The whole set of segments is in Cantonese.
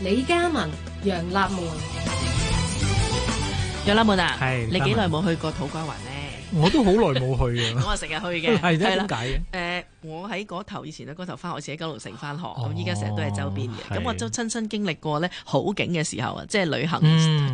李嘉文、楊立門、楊立門啊，係你幾耐冇去過土瓜灣咧？我都好耐冇去嘅、 呃。我成日去嘅，係咧點解嘅？我喺嗰頭以前咧，嗰頭翻學好似喺九龍城翻學，咁依家成日都係周邊嘅。咁的我都親身經歷過咧，好景嘅時候啊，即係旅行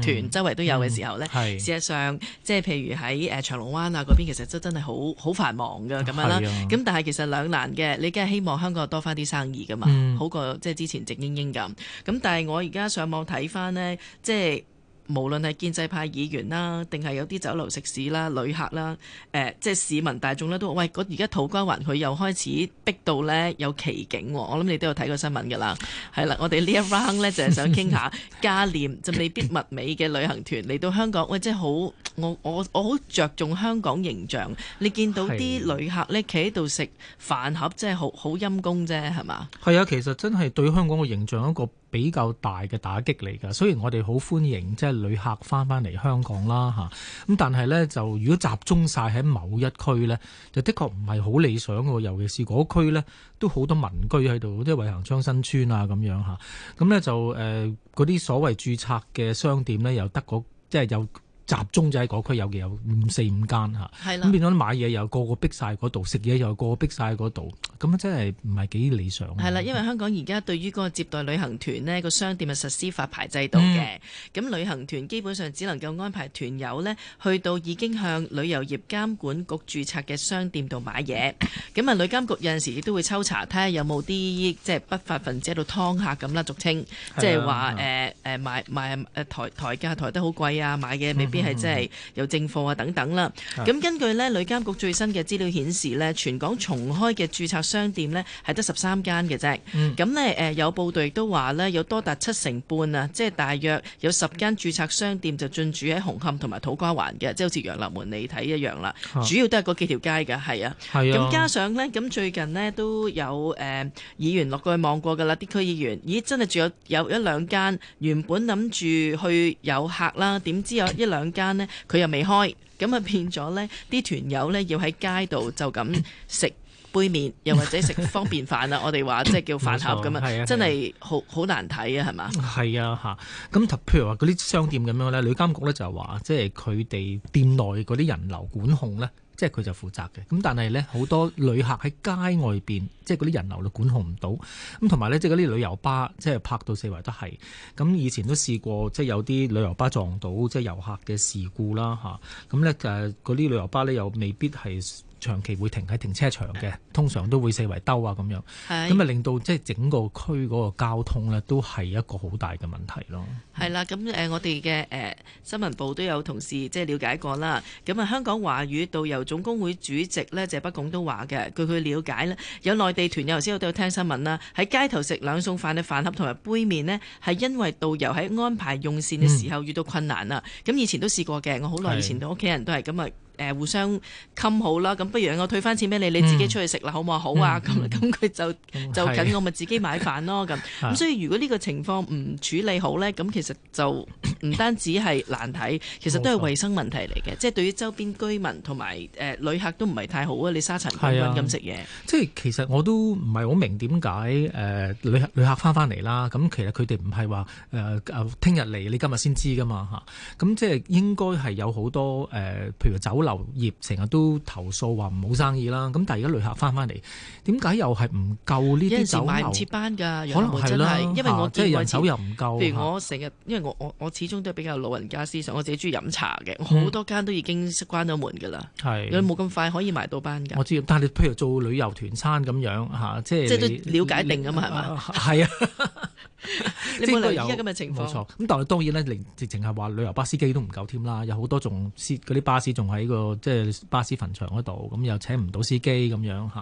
團周圍都有嘅時候咧。嗯嗯、事實上，即係譬如喺誒翔龍灣啊嗰邊，其實都真真係好好繁忙㗎。咁樣啦。咁的但係其實兩難嘅，你梗係希望香港多翻啲生意噶嘛，嗯、好過即係之前靜英英咁。咁但係我而家上網睇翻呢，即係。無論係建制派議員啦，定係有啲酒樓食肆啦、旅客啦，誒、呃，即係市民大眾咧，都話喂，而家土瓜灣佢又開始逼到咧有奇景、哦，我諗你都有睇過新聞㗎啦。係 啦，我哋呢一 round 咧就係想傾下價廉就未必物美嘅旅行團嚟到香港，喂，即係好，我我我好着重香港形象。你見到啲旅客咧企喺度食飯盒，即係好好陰功啫，係嘛？係啊，其實真係對香港嘅形象一個。比較大嘅打擊嚟㗎，雖然我哋好歡迎即係旅客返返嚟香港啦嚇，咁但係咧就如果集中晒喺某一區咧，就的確唔係好理想喎，尤其是嗰區咧都好多民居喺度，即係偉恆昌新村啊咁樣嚇，咁咧就誒嗰啲所謂註冊嘅商店咧又得嗰即係有。集中就喺嗰區有嘅有四五間嚇，咁的變咗買嘢又個個逼晒嗰度，食嘢又個個逼晒嗰度，咁真係唔係幾理想？係啦，因為香港而家對於嗰個接待旅行團呢個商店係實施發牌制度嘅，咁、嗯、旅行團基本上只能夠安排團友呢去到已經向旅遊業監管局註冊嘅商店度買嘢。咁啊，旅監局有陣時亦都會抽查，睇下有冇啲即係不法分子喺度劏客咁啦，俗稱即係話誒誒買買誒抬抬價抬得好貴啊，買嘅未必。啲、嗯嗯、即係有正貨啊，等等啦。咁根據呢，旅監局最新嘅資料顯示呢，全港重開嘅註冊商店呢係得十三間嘅啫。咁、嗯、呢，呃、有報道亦都話呢，有多達七成半啊，即係大約有十間註冊商店就進駐喺紅磡同埋土瓜灣嘅，即係好似楊立門你睇一樣啦。主要都係嗰幾條街㗎，係啊。係是啊。咁加上呢，咁最近呢都有誒、呃、議員落過去望過㗎啦，啲區議員，咦真係住有有一兩間原本諗住去有客啦，點知有一兩 間呢，佢又未開，咁啊變咗呢啲團友呢，要喺街度就咁食杯麵，又或者食方便飯啦。我哋話即係叫飯盒咁啊，係啊，真係好好難睇啊，係嘛吧？係啊，吓咁譬如話嗰啲商店咁樣呢，旅監局呢就話，即係佢哋店內嗰啲人流管控呢。即係佢就負責嘅，咁但係咧好多旅客喺街外邊，即係嗰啲人流就管控唔到，咁同埋咧即係嗰啲旅遊巴即係泊到四圍都係，咁以前都試過即係有啲旅遊巴撞到即係遊客嘅事故啦吓，咁咧誒嗰啲旅遊巴咧又未必係。長期會停喺停車場嘅，通常都會四圍兜啊咁樣，咁啊是令到即係整個區嗰個交通呢都係一個好大嘅問題咯。係啦，咁誒我哋嘅誒新聞部都有同事即係了解過啦。咁啊，香港華語導遊總工會主席呢，就係北拱都話嘅，據佢了解呢，有內地團友頭先我都有聽新聞啦，喺街頭食兩餸飯嘅飯盒同埋杯麵呢，係因為導遊喺安排用膳嘅時候遇到困難啦。咁、嗯、以前都試過嘅，我好耐以前同屋企人都係咁啊。誒互相襟好啦，咁不如我退翻錢俾你，你自己出去食啦，嗯、好唔好啊？好啊、嗯，咁咁佢就就緊，我咪自己買飯咯，咁咁的。所以如果呢個情況唔處理好咧，咁其實就唔的單止係難睇，其實都係衞生問題嚟嘅。錯即係對於周邊居民同埋誒旅客都唔係太好啊！你沙塵暴咁食嘢，即係其實我都唔係好明點解誒旅客旅客翻翻嚟啦。咁其實佢哋唔係話誒誒聽日嚟，你今日先知噶嘛嚇。咁即係應該係有好多誒、呃，譬如走。留業成日都投訴話唔好生意啦，咁但係而家旅客返返嚟，點解又係唔夠呢啲酒樓？有時買唔切班噶，真可能係啦，因為我即係人手又唔夠。譬如我成日，因為我我我始終都係比較老人家思想，我自己中意飲茶嘅，好多間都已經關咗門噶啦，咁冇咁快可以埋到班噶。我知道，但係你譬如做旅遊團餐咁樣吓，即係即係都了解定噶嘛，係嘛？係啊。呢個而家嘅情況，冇錯。咁但係當然咧，連直情係話旅遊巴司機都唔夠添啦，有好多仲嗰啲巴士仲喺個即係巴士墳場嗰度，咁又請唔到司機咁樣嚇。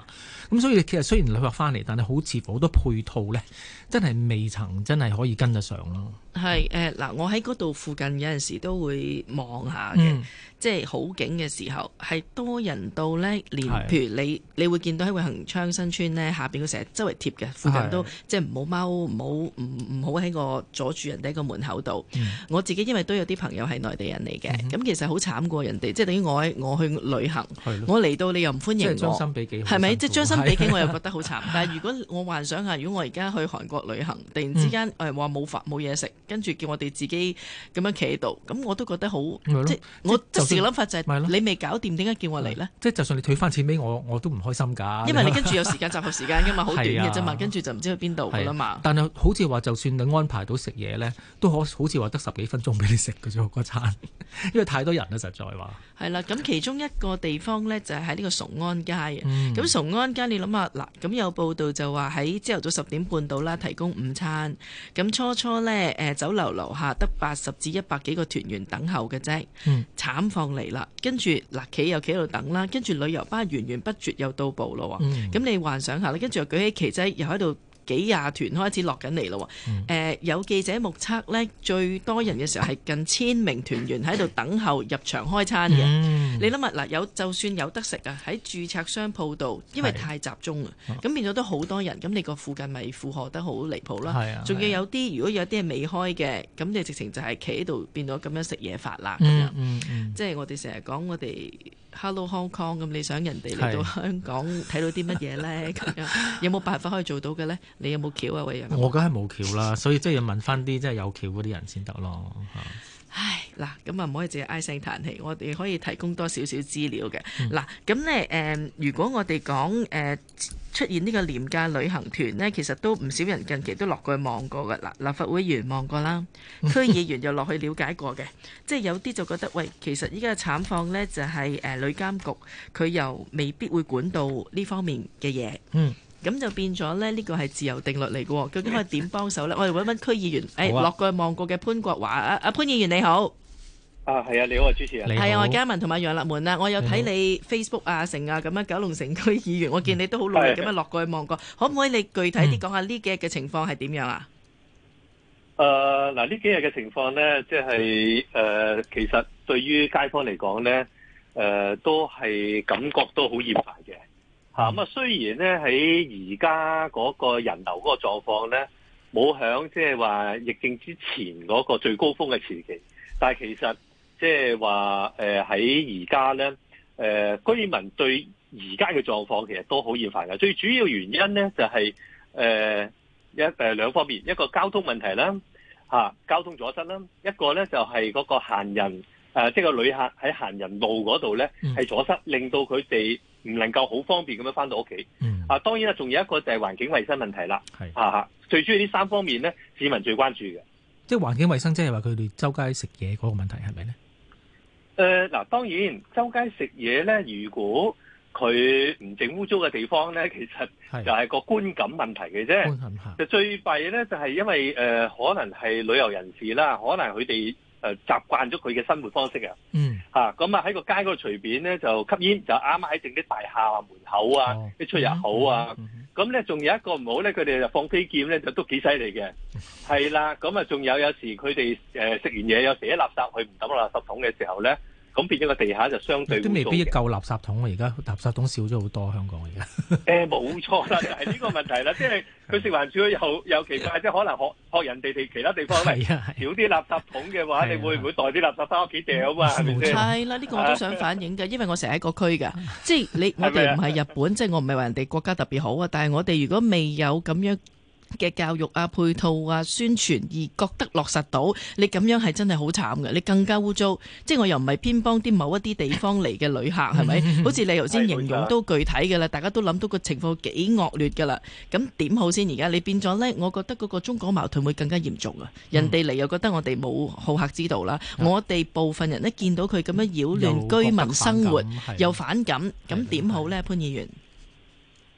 咁、嗯、所以其實雖然旅客翻嚟，但係好似好多配套咧，真係未曾真係可以跟得上咯。係誒嗱，我喺嗰度附近有陣時候都會望下嘅，嗯、即係好景嘅時候係多人到咧，連譬如你的你會見到喺恆昌新村咧下邊佢成日周圍貼嘅，附近都的即係唔好踎，唔好。唔好喺我阻住人哋個門口度。我自己因為都有啲朋友係內地人嚟嘅，咁其實好慘過人哋，即係等於我我去旅行，我嚟到你又唔歡迎我，係咪？即係將心比己，我又覺得好慘。但係如果我幻想下，如果我而家去韓國旅行，突然之間誒話冇飯冇嘢食，跟住叫我哋自己咁樣企喺度，咁我都覺得好。即我即時嘅諗法就係，你未搞掂點解叫我嚟呢？即就算你退翻錢俾我，我都唔開心㗎。因為你跟住有時間集合時間㗎嘛，好短嘅啫嘛，跟住就唔知去邊度㗎啦嘛。但係好似話。就算你安排到食嘢呢，都可好似話得十幾分鐘俾你食嘅啫，嗰餐，因為太多人啦，實在話。係啦，咁其中一個地方呢，就係喺呢個崇安街咁、嗯、崇安街你諗下嗱，咁有報道就話喺朝頭早十點半到啦，提供午餐。咁初初呢，誒酒樓樓下得八十至一百幾個團員等候嘅啫。慘況嚟啦，跟住嗱企又企喺度等啦，跟住旅遊巴源源不絕又到步咯喎。咁、嗯、你幻想下跟住又舉起旗仔又喺度。幾廿團開始落緊嚟咯喎。誒有記者目測咧，最多人嘅時候係近千名團員喺度等候入場開餐嘅。你諗下嗱，有就算有得食啊，喺註冊商鋪度，因為太集中啦，咁變咗都好多人，咁你個附近咪負荷得好離譜啦。係啊，仲要有啲如果有啲係未開嘅，咁你直情就係企喺度，變咗咁樣食嘢法啦。咁樣即係我哋成日講我哋 Hello Hong Kong，咁你想人哋嚟到香港睇到啲乜嘢咧？咁樣有冇辦法可以做到嘅咧？你有冇橋啊？我梗係冇橋啦， 所以真係要問翻啲真係有橋嗰啲人先得咯。 唉，嗱，咁啊，唔可以淨係唉聲嘆氣，我哋可以提供多少少資料嘅。嗱、嗯，咁呢，誒、呃，如果我哋講誒出現呢個廉價旅行團呢，其實都唔少人近期都落過去望過嘅。嗱，立法會員望過啦，區議員又落去了解過嘅， 即係有啲就覺得，喂，其實依家嘅慘況呢，就係誒旅監局佢又未必會管到呢方面嘅嘢。嗯。咁就變咗咧，呢個係自由定律嚟嘅，究竟佢點幫手咧？我哋揾一揾區議員，誒、啊哎、落過去望過嘅潘國華，阿、啊、阿潘議員你好，啊係啊，你好啊主持人，係好啊，我係嘉文同埋楊立門啊，我有睇你 Facebook 啊成啊咁樣，九龍城區議員，好我見你都好努力咁樣落過去望過，可唔可以你具體啲講下呢幾日嘅情況係點樣啊？誒嗱、嗯，呢、呃、幾日嘅情況咧，即係誒其實對於街坊嚟講咧，誒、呃、都係感覺都好熱煥嘅。吓咁啊！雖然咧喺而家嗰個人流嗰個狀況咧，冇響即係話疫症之前嗰個最高峰嘅時期，但係其實即係話誒喺而家咧誒居民對而家嘅狀況其實都好厭煩嘅。最主要原因咧就係、是、誒、呃、一誒兩方面，一個交通問題啦，吓、啊、交通阻塞啦，一個咧就係嗰個行人誒即係個旅客喺行人路嗰度咧係阻塞，令到佢哋。唔能夠好方便咁樣翻到屋企。嗯、啊，當然啦，仲有一個就係環境衞生問題啦。係吓吓啊，最主要呢三方面咧，市民最關注嘅。即係環境衞生，即係話佢哋周街食嘢嗰個問題係咪咧？誒嗱、呃，當然周街食嘢咧，如果佢唔整污糟嘅地方咧，其實就係個觀感問題嘅啫。觀感係。就最弊咧，就係因為誒、呃，可能係旅遊人士啦，可能佢哋。誒習慣咗佢嘅生活方式、嗯、啊，嚇咁啊喺個街嗰度隨便咧就吸煙，就啱啱喺整啲大廈門口啊一、哦、出入口啊，咁咧仲有一個唔好咧，佢哋就放飛劍咧就都幾犀利嘅，係啦， 咁啊仲有有時佢哋誒食完嘢有時一垃圾佢唔抌垃圾桶嘅時候咧。咁變咗個地下就相對都未必夠垃圾桶啊！而家垃圾桶少咗好多，香港而家誒冇錯啦，就係呢個問題啦。即係佢食環署有有奇怪，即係可能學學人哋哋其他地方，係啊少啲垃圾桶嘅話，你會唔會袋啲垃圾翻屋企掉啊？嘛係咪先？係啦，呢個我都想反映嘅，因為我成日喺個區㗎，即係你我哋唔係日本，即係我唔係話人哋國家特別好啊。但係我哋如果未有咁樣，嘅教育啊、配套啊、宣傳而覺得落實到你咁樣，係真係好慘嘅，你更加污糟。即係我又唔係偏幫啲某一啲地方嚟嘅旅客，係咪？ 好似你頭先形容都具體嘅啦，大家都諗到個情況幾惡劣嘅啦。咁點好先而家？你變咗咧，我覺得嗰個中港矛盾會更加嚴重啊！人哋嚟又覺得我哋冇好客之道啦，嗯、我哋部分人咧見到佢咁樣擾亂居民生活又反，又反感，咁點好咧？潘議員誒、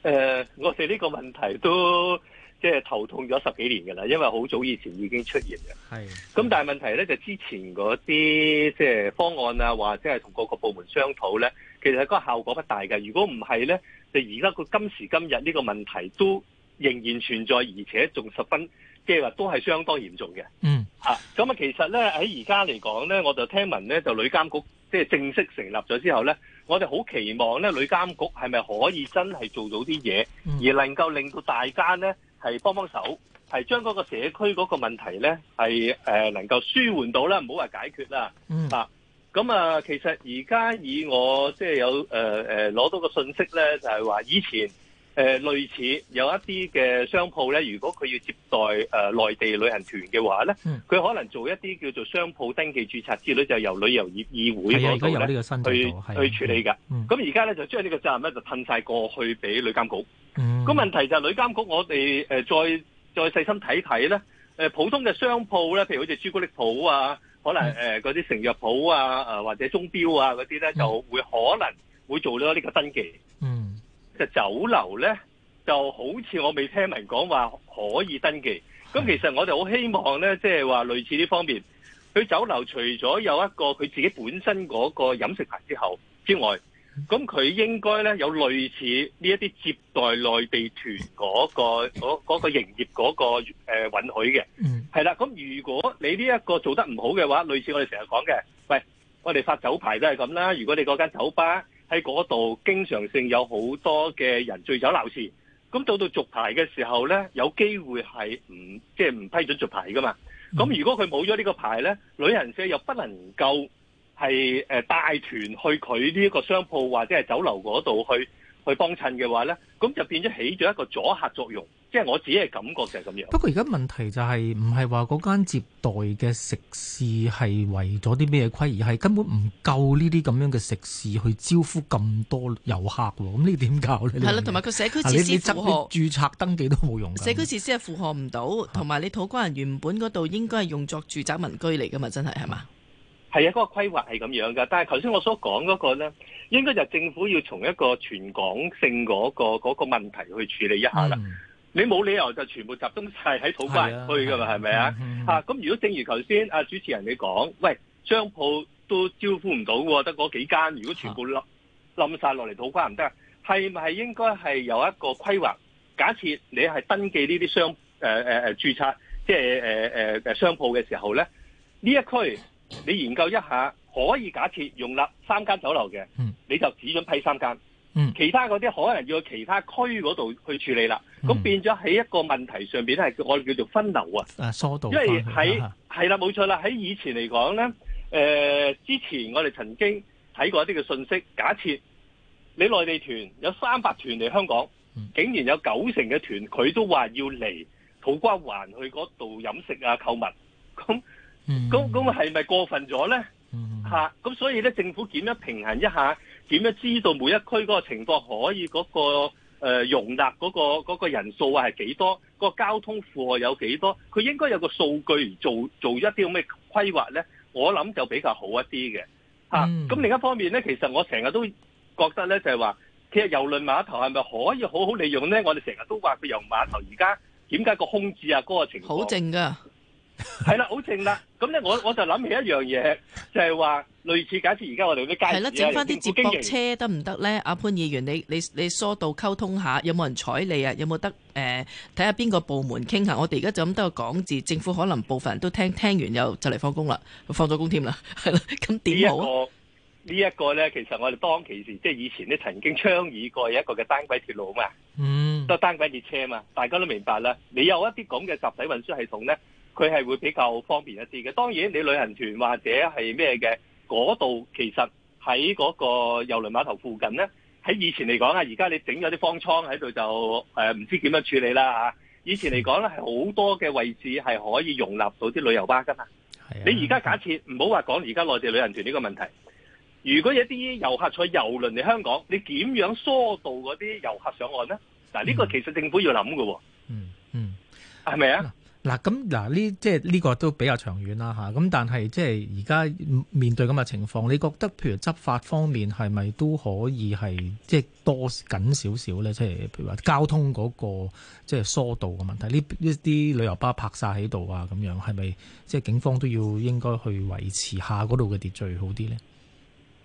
呃，我哋呢個問題都～即係頭痛咗十幾年㗎啦，因為好早以前已經出現嘅。係。咁但係問題咧就之前嗰啲即係方案啊，或者係同各個部門商討咧，其實嗰個效果不大㗎。如果唔係咧，就而家個今時今日呢個問題都仍然存在，而且仲十分即係話都係相當嚴重嘅。嗯。嚇。咁啊，其實咧喺而家嚟講咧，我就聽聞咧就旅監局即係正式成立咗之後咧，我哋好期望咧旅監局係咪可以真係做到啲嘢，嗯、而能夠令到大家咧。係幫幫手，係將嗰個社區嗰個問題咧，係誒、呃、能夠舒緩到啦，唔好話解決啦。啊，咁啊，其實而家以我即係、就是、有誒誒攞到個信息咧，就係、是、話以前。誒類似有一啲嘅商鋪咧，如果佢要接待誒內、呃、地旅行團嘅話咧，佢、嗯、可能做一啲叫做商鋪登記註冊之類，就係由旅遊業議會去、嗯、去處理㗎。咁而家咧就將呢個責任咧就噴晒過去俾旅監局。咁問、嗯、問題就係旅監局我，我、呃、哋再再細心睇睇咧。誒普通嘅商鋪咧，譬如好似朱古力鋪啊，可能誒嗰啲成藥鋪啊、呃，或者鐘錶啊嗰啲咧，就會可能會做咗呢個登記。嗯。就酒樓呢，就好似我未聽聞講話可以登記。咁其實我哋好希望呢，即係話類似呢方面，佢酒樓除咗有一個佢自己本身嗰個飲食牌之後之外，咁佢應該呢有類似呢一啲接待內地團嗰個嗰嗰個營業嗰個誒允許嘅。係啦，咁如果你呢一個做得唔好嘅話，類似我哋成日講嘅，喂，我哋發酒牌都係咁啦。如果你嗰間酒吧，喺嗰度經常性有好多嘅人醉酒鬧事，咁到到續牌嘅時候呢，有機會係唔即係唔批准續牌㗎嘛。咁如果佢冇咗呢個牌呢，旅行社又不能夠係誒帶團去佢呢一個商鋪或者係酒樓嗰度去去幫襯嘅話呢，咁就變咗起咗一個阻嚇作用。即係我自己嘅感覺就係咁樣。不過而家問題就係唔係話嗰間接待嘅食肆係違咗啲咩規，而係根本唔夠呢啲咁樣嘅食肆去招呼咁多遊客喎。咁呢點搞咧？係啦，同埋佢社區設施負荷，註冊登記都冇用。社區設施係負荷唔到，同埋你土瓜灣原本嗰度應該係用作住宅民居嚟㗎嘛？真係係嘛？係啊，嗰、那個規劃係咁樣㗎。但係頭先我所講嗰、那個咧，應該就是政府要從一個全港性嗰、那個嗰、那個問題去處理一下啦。嗯。你冇理由就全部集中晒喺土瓜灣區噶嘛，係咪啊？咁如果正如頭先啊主持人你講，喂，商鋪都招呼唔到，得嗰幾間，如果全部冧冧晒落嚟，啊、落土瓜唔得，係係咪應該係有一個規劃？假設你係登記呢啲商誒誒誒註冊，即係誒誒誒商鋪嘅時候咧，呢一區你研究一下，可以假設容納三間酒樓嘅，嗯、你就只准批三間。嗯、其他嗰啲可能要去其他區嗰度去處理啦，咁、嗯、變咗喺一個問題上面，咧，係我哋叫做分流啊，疏導。因為喺係啦，冇錯啦，喺以前嚟講咧，誒、呃、之前我哋曾經睇過一啲嘅信息，假設你內地團有三百團嚟香港，竟然有九成嘅團佢都話要嚟土瓜灣去嗰度飲食啊、購物，咁咁咁係咪過分咗咧？吓、嗯，咁、啊、所以咧政府點樣平衡一下？點樣知道每一區嗰個情況，可以嗰個容納嗰個人數啊係幾多？個交通負荷有幾多？佢應該有個數據做做一啲咁嘅規劃咧，我諗就比較好一啲嘅嚇。咁另一方面咧，其實我成日都覺得咧，就係話其實郵輪碼頭係咪可以好好利用咧？我哋成日都話佢郵碼頭而家點解個空置啊，嗰個情況好靜㗎。係啦，好靜啦！咁咧，我我就諗起一樣嘢，就係話類似，假設而家我哋啲街係啦，整翻啲接駁車得唔得咧？阿潘議員，你你你疏導溝通下，有冇人睬你啊？有冇得誒睇下邊個部門傾下？我哋而家就咁多個講字，政府可能部分人都聽聽完又就嚟放工啦，放咗工添啦。係咯，咁點好啊？呢一個呢一個咧，其實我哋當其時即係以前咧，曾經倡議過有一個嘅單軌鐵路嘛，嗯，即係單軌列車嘛，大家都明白啦。你有一啲咁嘅集體運輸系統咧。佢係會比較方便一啲嘅，當然你旅行團或者係咩嘅，嗰度其實喺嗰個郵輪碼頭附近呢。喺以前嚟講啊，而家你整咗啲方艙喺度就誒唔、呃、知點樣處理啦吓。以前嚟講呢係好多嘅位置係可以容納到啲旅遊巴噶嘛。啊、你而家假設唔好話講而家內地旅行團呢個問題，如果有啲遊客坐郵輪嚟香港，你點樣疏導嗰啲遊客上岸呢？嗱、嗯，呢個其實政府要諗噶、嗯。嗯是是嗯，係咪啊？嗱咁嗱，呢即係呢個都比較長遠啦嚇。咁但係即係而家面對咁嘅情況，你覺得譬如執法方面係咪都可以係即係多緊少少咧？即係譬如話交通嗰個即係疏導嘅問題，呢啲旅遊巴泊晒喺度啊，咁樣係咪即係警方都要應該去維持下嗰度嘅秩序好啲咧？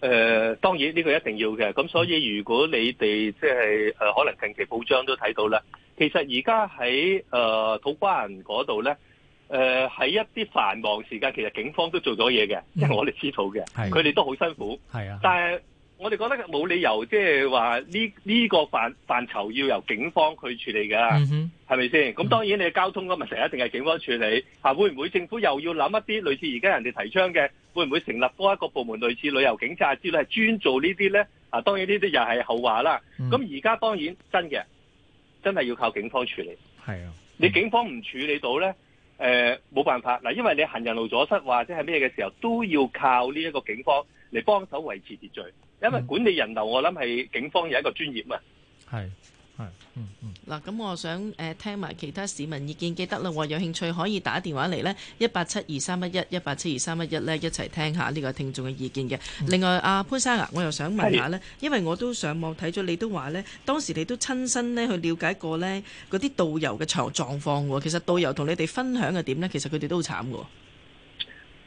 誒、呃、當然呢個一定要嘅，咁所以如果你哋即係誒可能近期報章都睇到啦，其實而家喺誒土瓜灣嗰度咧，誒、呃、喺一啲繁忙時間，其實警方都做咗嘢嘅，即係我哋知道嘅，佢哋、 啊、都好辛苦，係啊，但係。我哋覺得冇理由，即係話呢呢個範範疇要由警方去處理㗎，係咪先？咁當然你交通個問題一定係警方處理嚇。嗯、會唔會政府又要諗一啲類似而家人哋提倡嘅？會唔會成立多一個部門類似旅遊警察之類，係專做呢啲呢？啊，當然呢啲又係後話啦。咁而家當然真嘅，真係要靠警方處理。係啊，你警方唔處理到呢，呃、冇辦法嗱，因為你行人路阻塞或者係咩嘅時候，都要靠呢一個警方嚟幫手維持秩序。因為管理人流，我諗係警方有一個專業啊。係係嗯嗯。嗱，咁我想誒聽埋其他市民意見，記得啦。有興趣可以打電話嚟呢，一八七二三一一一八七二三一一呢，一齊聽下呢個聽眾嘅意見嘅。另外，阿潘生啊，我又想問下呢，因為我都上網睇咗，你都話呢，當時你都親身呢去了解過呢嗰啲導遊嘅場狀況喎。其實導遊同你哋分享係點呢？其實佢哋都好慘嘅。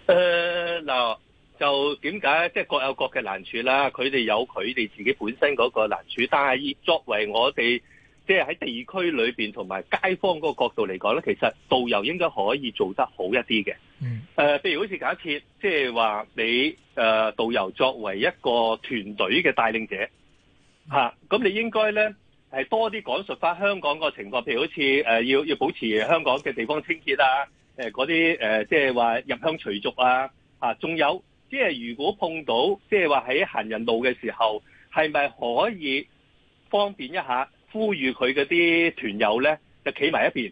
誒嗱。就點解？即係各有各嘅難處啦。佢哋有佢哋自己本身嗰個難處，但係作為我哋即係喺地區裏面同埋街坊嗰個角度嚟講咧，其實導遊應該可以做得好一啲嘅。嗯、呃。誒，譬如好似假設，即係話你誒、呃、導遊作為一個團隊嘅帶領者，咁、啊、你應該咧係多啲講述翻香港個情況。譬如好似誒、呃、要要保持香港嘅地方清潔啊，嗰啲誒即係話入鄉隨俗啊，嚇、啊，仲有。即係如果碰到，即係話喺行人路嘅時候，係咪可以方便一下，呼籲佢嗰啲團友呢？就企埋一邊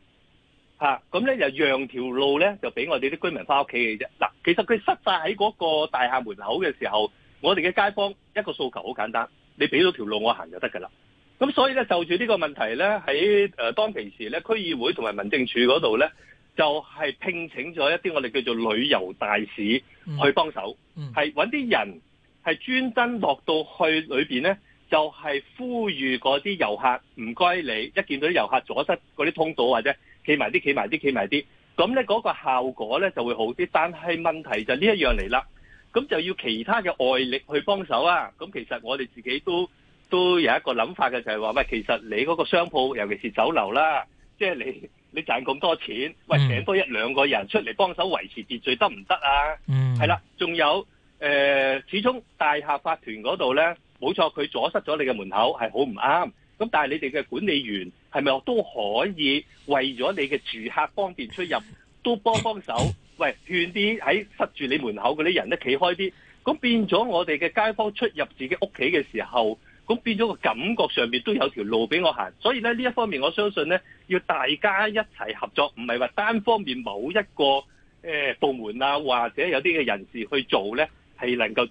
嚇，咁、啊、呢就讓條路呢，就俾我哋啲居民翻屋企嘅啫。嗱、啊，其實佢塞曬喺嗰個大廈門口嘅時候，我哋嘅街坊一個訴求好簡單，你俾到條路我就行就得㗎啦。咁所以呢，就住呢個問題呢，喺當其時呢，區議會同埋民政處嗰度呢，就係、是、聘請咗一啲我哋叫做旅遊大使去幫手。嗯係揾啲人，係專登落到去裏面咧，就係呼籲嗰啲遊客唔該你，一見到啲遊客阻塞嗰啲通道或者企埋啲、企埋啲、企埋啲，咁咧嗰個效果咧就會好啲。但係問題就呢一樣嚟啦，咁就要其他嘅外力去幫手啊。咁其實我哋自己都都有一個諗法嘅，就係話喂，其實你嗰個商鋪，尤其是酒樓啦，即係你。你賺咁多錢，喂請多一兩個人出嚟幫手維持秩序得唔得啊？係啦、嗯，仲有誒、呃，始終大廈法團嗰度咧，冇錯，佢阻塞咗你嘅門口係好唔啱。咁但係你哋嘅管理員係咪都可以為咗你嘅住客方便出入，都幫幫手？喂，勸啲喺塞住你門口嗰啲人咧企開啲。咁變咗我哋嘅街坊出入自己屋企嘅時候。咁變咗個感覺上面都有條路俾我行，所以咧呢一方面，我相信咧要大家一齊合作，唔係話單方面某一個誒部門啊，或者有啲嘅人士去做咧，係能夠。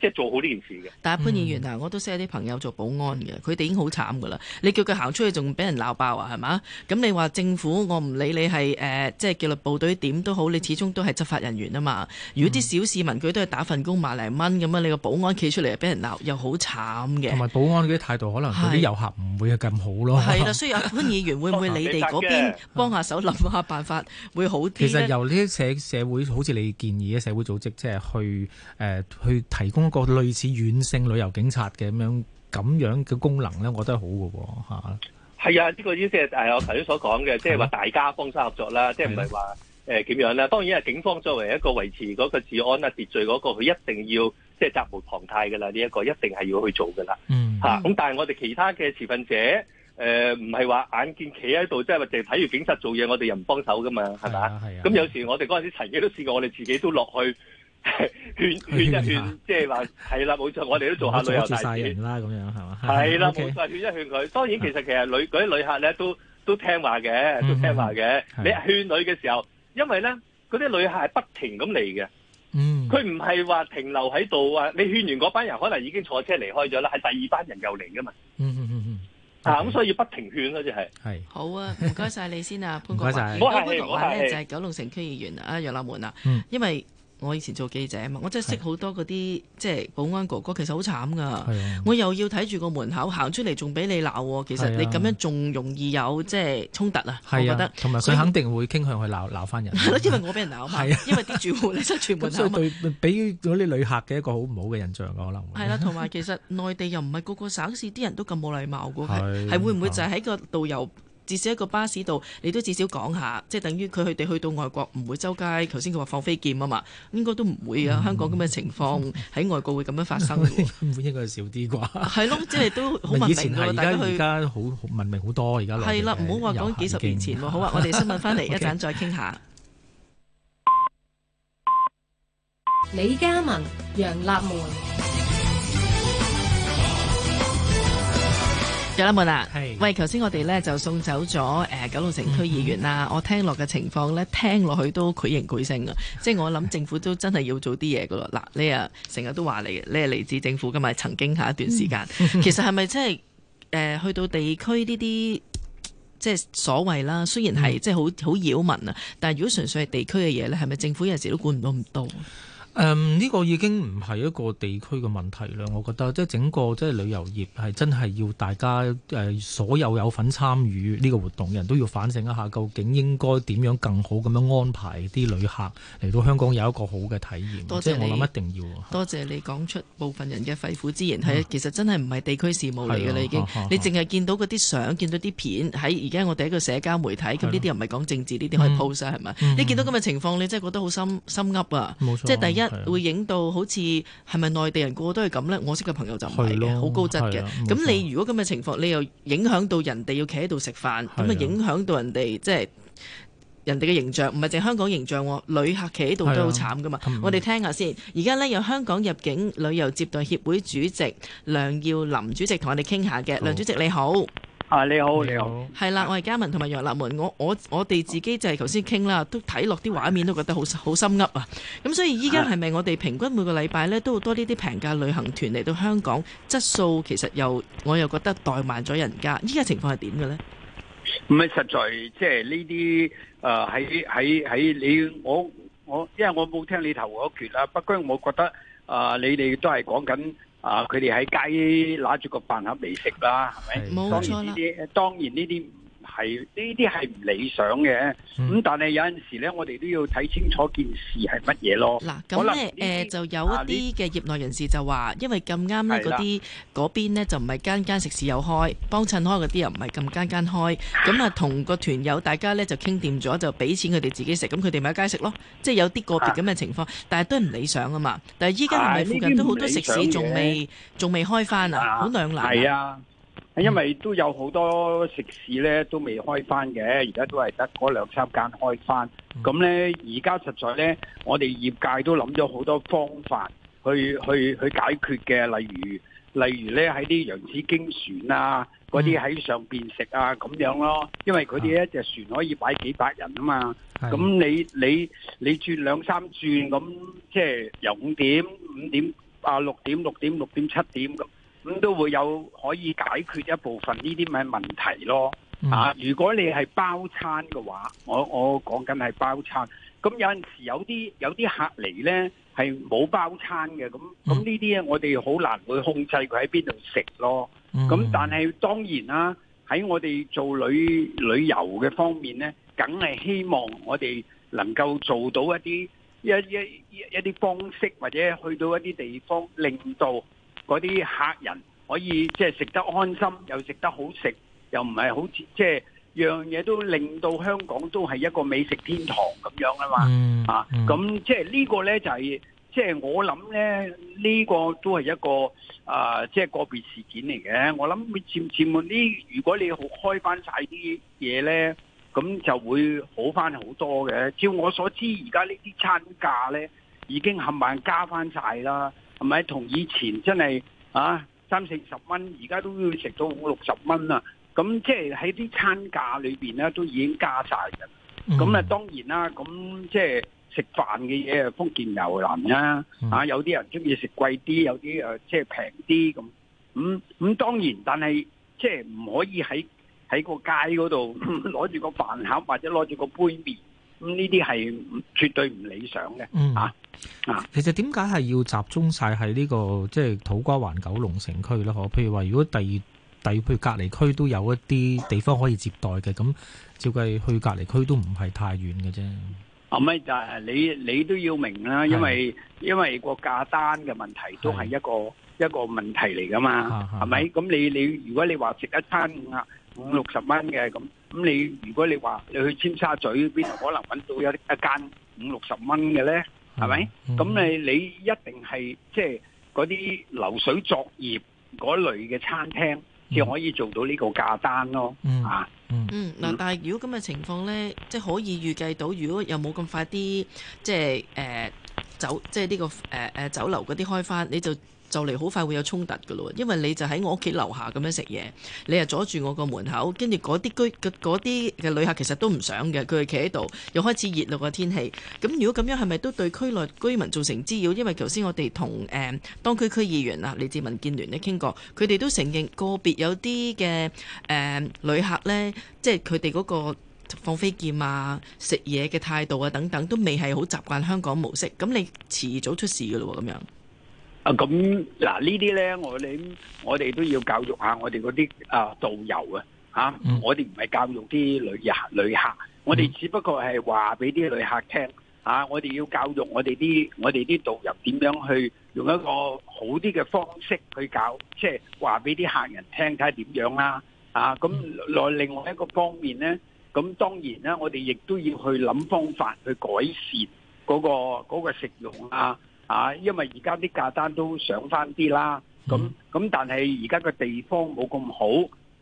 即係做好呢件事嘅。嗯、但係潘議員啊，我都識有啲朋友做保安嘅，佢哋已經好慘噶啦。你叫佢行出去仲俾人鬧爆啊，係嘛？咁你話政府，我唔理你係誒、呃，即係紀律部隊點都好，你始終都係執法人員啊嘛。如果啲小市民佢都係打份工萬零蚊咁樣，你個保安企出嚟又俾人鬧，又好慘嘅。同埋保安嗰啲態度可能同啲遊客唔會係咁好咯、啊。係啦，所以阿潘議員會唔會你哋嗰邊幫下手諗下辦法會好啲咧？其實由呢啲社社會好似你建議嘅社會組織，即係去誒去。呃去提供一個類似遠性旅遊警察嘅咁樣咁樣嘅功能咧，我覺得係好嘅嚇。係啊，呢、這個意思係誒我頭先所講嘅，即係話大家幫手合作啦，即係唔係話誒點樣啦？當然係警方作為一個維持嗰個治安啦、秩序嗰、那個，佢一定要即係、就是、責無旁貸嘅啦。呢、這、一個一定係要去做嘅啦。嚇咁、嗯啊，但係我哋其他嘅持份者誒，唔係話眼見企喺度，即係話淨係睇住警察做嘢，我哋又唔幫手嘅嘛，係咪啊？啊。咁有時候我哋嗰陣時曾經都試過，我哋自己都落去。勸勸一勸，即係話係啦，冇錯，我哋都做下旅遊大使啦，咁樣係嘛？係啦，冇錯，勸一勸佢。當然，其實其實旅、嗰啲旅客咧都都聽話嘅，都聽話嘅。你勸女嘅時候，因為咧嗰啲旅客係不停咁嚟嘅，嗯，佢唔係話停留喺度啊。你勸完嗰班人，可能已經坐車離開咗啦，係第二班人又嚟噶嘛？嗯嗯嗯嗯。咁所以不停勸咯，就係，係好啊，唔該晒你先啊，潘國華。唔該晒。我係我就係九龍城區議員啊，楊立啊，因為。我以前做記者啊嘛，我真係識好多嗰啲即係保安哥哥，其實好慘噶。啊、我又要睇住個門口行出嚟，仲俾你鬧，其實你咁樣仲容易有即係衝突啊。我覺得同埋佢肯定會傾向去鬧鬧翻人。係咯，因為我俾人鬧，啊、因為啲住戶你塞住門口 所以對俾嗰啲旅客嘅一個好唔好嘅印象，可能係啦。同埋、啊、其實內地又唔係個個省市啲人都咁冇禮貌嘅，係、啊、會唔會就係喺個導遊？至少一個巴士度，你都至少講下，即係等於佢佢哋去到外國唔會周街。頭先佢話放飛劍啊嘛，應該都唔會啊。香港咁嘅情況喺外國會咁樣發生，應該少啲啩。係咯，即係都好文明喎。大家去，而家好文明好多。而家係啦，唔好話講幾十年前喎。好啊，我哋新聞翻嚟一陣再傾下。李嘉文、楊立門。啦啦，係喂，頭先我哋咧就送走咗誒、呃、九龍城區議員啊，嗯、哼我聽落嘅情況咧，聽落去都繪形繪聲啊，即係我諗政府都真係要做啲嘢噶咯。嗱，你啊成日都話你你係嚟自政府，㗎嘛？曾經下一段時間，嗯、 其實係咪真係誒去到地區呢啲即係所謂啦？雖然係即係好好擾民啊，但係如果純粹係地區嘅嘢咧，係咪政府有陣時都管唔到咁多？誒，呢個已經唔係一個地區嘅問題啦。我覺得即係整個即係旅遊業係真係要大家誒，所有有份參與呢個活動嘅人都要反省一下，究竟應該點樣更好咁樣安排啲旅客嚟到香港有一個好嘅體驗。多謝我諗一定要。多謝你講出部分人嘅肺腑之言，係啊，其實真係唔係地區事務嚟嘅啦，已經。你淨係見到嗰啲相，見到啲片喺而家我哋一個社交媒體，咁呢啲又唔係講政治，呢啲可以 post 係咪？你見到咁嘅情況，你真係覺得好心心噏啊！即係第一。會影到好似係咪內地人個個都係咁呢？我識嘅朋友就唔係嘅，好的高質嘅。咁的你如果咁嘅情況，的你又影響到人哋要企喺度食飯，咁啊的影響到人哋即係人哋嘅形象，唔係淨香港形象，旅客企喺度都好慘噶嘛。我哋聽下先。而家呢，有香港入境旅遊接待協會主席梁耀霖主席同我哋傾下嘅，梁主席你好。好啊！你好，你好，係啦，我係嘉文同埋楊立文，我我我哋自己就係頭先傾啦，都睇落啲畫面都覺得好好心噏啊，咁所以依家係咪我哋平均每個禮拜咧都好多呢啲平價旅行團嚟到香港，質素其實又我又覺得怠慢咗人家，依家情況係點嘅咧？唔係實在，即係呢啲誒，喺喺喺你我我，因為我冇聽你頭嗰句啦，不過我覺得啊，你哋都係講緊。啊！佢哋喺街攞住個飯盒嚟食啦，係咪？當然呢啲，當然呢啲。係呢啲係唔理想嘅，咁但係有陣時呢，我哋都要睇清楚件事係乜嘢咯。嗱，咁呢誒，就有一啲嘅業內人士就話，因為咁啱呢，嗰啲嗰邊呢就唔係間間食肆有開，幫襯開嗰啲又唔係咁間間開。咁啊，同個團友大家呢就傾掂咗，就俾錢佢哋自己食，咁佢哋咪喺街食咯。即係有啲個別咁嘅情況，但係都係唔理想啊嘛。但係依家係咪附近都好多食肆仲未仲未開返啊？好兩難啊！因為都有好多食肆咧，都未開翻嘅，而家都係得嗰兩三間開翻。咁咧、嗯，而家實在咧，我哋業界都諗咗好多方法去去去解決嘅，例如例如咧喺啲洋紫荊船啊，嗰啲喺上邊食啊咁樣咯。因為佢哋一隻船可以擺幾百人啊嘛。咁、嗯、你你你轉兩三轉咁，嗯、即係由五點五點啊、六點六點六點七點。咁都會有可以解決一部分呢啲咪問題咯、啊、如果你係包餐嘅話，我我講緊係包餐。咁有陣時有啲有啲客嚟呢，係冇包餐嘅，咁咁呢啲我哋好難會控制佢喺邊度食咯。咁但係當然啦、啊，喺我哋做旅旅遊嘅方面呢，梗係希望我哋能夠做到一啲一一一啲方式，或者去到一啲地方，令到。嗰啲客人可以即係食得安心，又食得好食，又唔係好似即係樣嘢都令到香港都係一個美食天堂咁樣啊嘛、嗯、啊！咁即係呢個咧就係即係我諗咧，呢個都係一個啊即係個別事件嚟嘅。我諗漸漸慢啲，如果你開翻晒啲嘢咧，咁就會好翻好多嘅。照我所知，而家呢啲餐價咧已經冚唪唥加翻晒啦。係咪同以前真係啊三四十蚊，而家都要食到五六十蚊啦？咁即係喺啲餐價裏邊咧，都已經加曬嘅。咁啊，當然啦。咁即係食飯嘅嘢，福建牛腩啦，啊有啲人中意食貴啲，有啲誒即係平啲咁。咁咁、嗯嗯、當然，但係即係唔可以喺喺個街嗰度攞住個飯盒或者攞住個杯麪。咁呢啲係絕對唔理想嘅，嗯啊，啊，其實點解係要集中晒喺呢個即係、就是、土瓜灣九龍城區咧？可譬如話，如果第二、第譬如隔離區都有一啲地方可以接待嘅，咁照計去隔離區都唔係太遠嘅啫。啊咪啊，你你都要明啦是，因為因為個價單嘅問題都係一個是一個問題嚟噶嘛，係咪？咁吧你你如果你話食一餐五啊、嗯、五六十蚊嘅咁。咁你如果你話你去尖沙咀邊度，可能揾到有一間五六十蚊嘅咧，係咪？咁你、嗯嗯、你一定係即係嗰啲流水作業嗰類嘅餐廳，就、嗯、可以做到呢個價單咯，嗯、啊，嗯，嗱、嗯，嗯、但係如果咁嘅情況咧，即係可以預計到，如果有冇咁快啲，即係誒酒，即係、這、呢個誒誒酒樓嗰啲開翻，你就。就嚟好快會有衝突噶咯，因為你就喺我屋企樓下咁樣食嘢，你又阻住我個門口，跟住嗰啲居啲嘅旅客其實都唔想嘅，佢哋企喺度又開始熱咯個天氣。咁如果咁樣係咪都對區內居民造成滋擾？因為頭先我哋同誒當區區議員啊李志文民建聯咧傾過，佢哋都承認個別有啲嘅誒旅客呢，即係佢哋嗰個放飛劍啊、食嘢嘅態度啊等等，都未係好習慣香港模式。咁你遲早出事噶咯咁樣。啊，咁嗱呢啲咧，我哋我哋都要教育下我哋嗰啲啊導遊啊，吓、嗯，我哋唔係教育啲旅遊旅客，我哋只不過係話俾啲旅客聽吓、啊，我哋要教育我哋啲我哋啲導遊點樣去用一個好啲嘅方式去搞，即係話俾啲客人聽睇點樣啦、啊，啊，咁內另外一個方面咧，咁當然咧，我哋亦都要去諗方法去改善嗰個嗰個食用啊。啊，因為而家啲價單都上返啲啦，咁咁但係而家個地方冇咁好，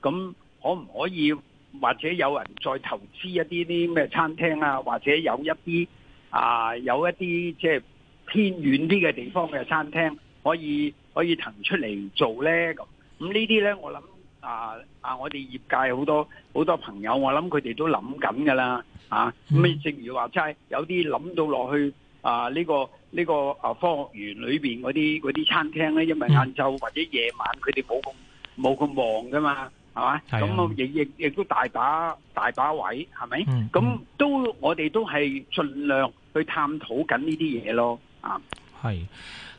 咁可唔可以或者有人再投資一啲啲咩餐廳啊？或者有一啲啊，有一啲即係偏遠啲嘅地方嘅餐廳可以可以騰出嚟做呢？咁咁呢啲呢，我諗啊啊，我哋業界好多好多朋友，我諗佢哋都諗緊㗎啦，啊咁你正如話齋，有啲諗到落去。啊！呢、這個呢、這個啊，科學園裏邊嗰啲啲餐廳咧，因為晏晝或者夜晚，佢哋冇咁冇咁忙㗎嘛，係嘛？咁亦亦亦都大把大把位，係咪？咁、嗯嗯、都我哋都係盡量去探討緊呢啲嘢咯。係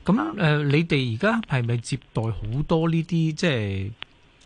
咁誒，你哋而家係咪接待好多呢啲即係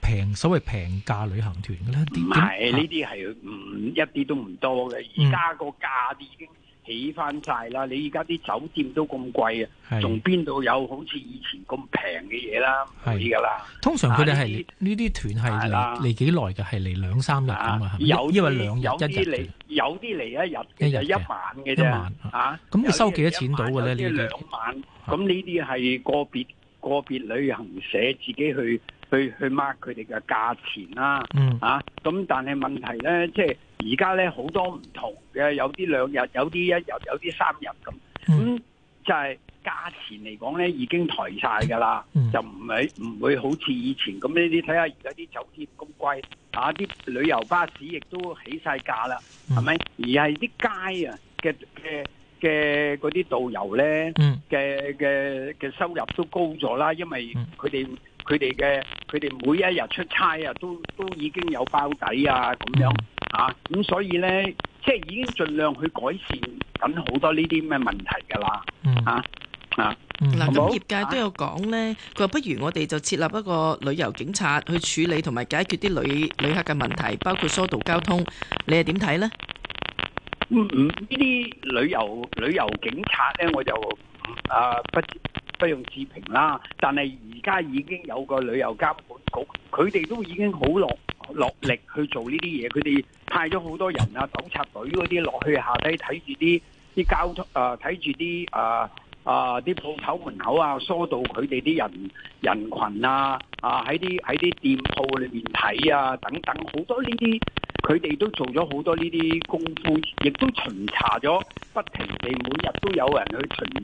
平所謂平價旅行團嘅咧？唔係呢啲係唔一啲都唔多嘅，而家個價已經。起翻晒啦！你而家啲酒店都咁貴啊，仲邊度有好似以前咁平嘅嘢啦？係㗎啦。通常佢哋係呢啲團係嚟幾耐嘅，係嚟兩三日㗎嘛。有有啲有啲嚟有啲嚟一日一日一晚嘅啫。吓咁你收幾多錢到㗎咧？呢啲咁呢啲係個別個別旅行社自己去。去去掹佢哋嘅價錢啦，嚇咁、嗯啊、但係問題咧，即係而家咧好多唔同嘅，有啲兩日，有啲一日，有啲三日咁，咁、嗯嗯、就係、是、價錢嚟講咧已經抬晒噶啦，嗯、就唔係唔會好似以前咁。你啲睇下而家啲酒店咁貴，啊啲旅遊巴士亦都起晒價啦，係咪、嗯？而係啲街啊嘅嘅嘅嗰啲導遊咧嘅嘅嘅收入都高咗啦，因為佢哋。佢哋嘅佢哋每一日出差啊，都都已經有包底啊，咁樣啊，咁所以呢，即係已經盡量去改善咁好多呢啲咩問題㗎啦，啊啊，嗱，咁業界都有講呢，佢話不如我哋就設立一個旅遊警察去處理同埋解決啲旅旅客嘅問題，包括疏導交通，你係點睇呢？嗯嗯，呢啲旅遊旅遊警察呢，我就。啊，不，不用置評啦。但係而家已經有個旅遊監管局，佢哋都已經好落落力去做呢啲嘢。佢哋派咗好多人啊，督察隊嗰啲落去下低睇住啲啲交通啊，睇住啲啊啊啲鋪頭門口啊，疏導佢哋啲人人群啊，啊喺啲喺啲店鋪裏面睇啊，等等好多呢啲，佢哋都做咗好多呢啲功夫，亦都巡查咗，不停地每日都有人去巡。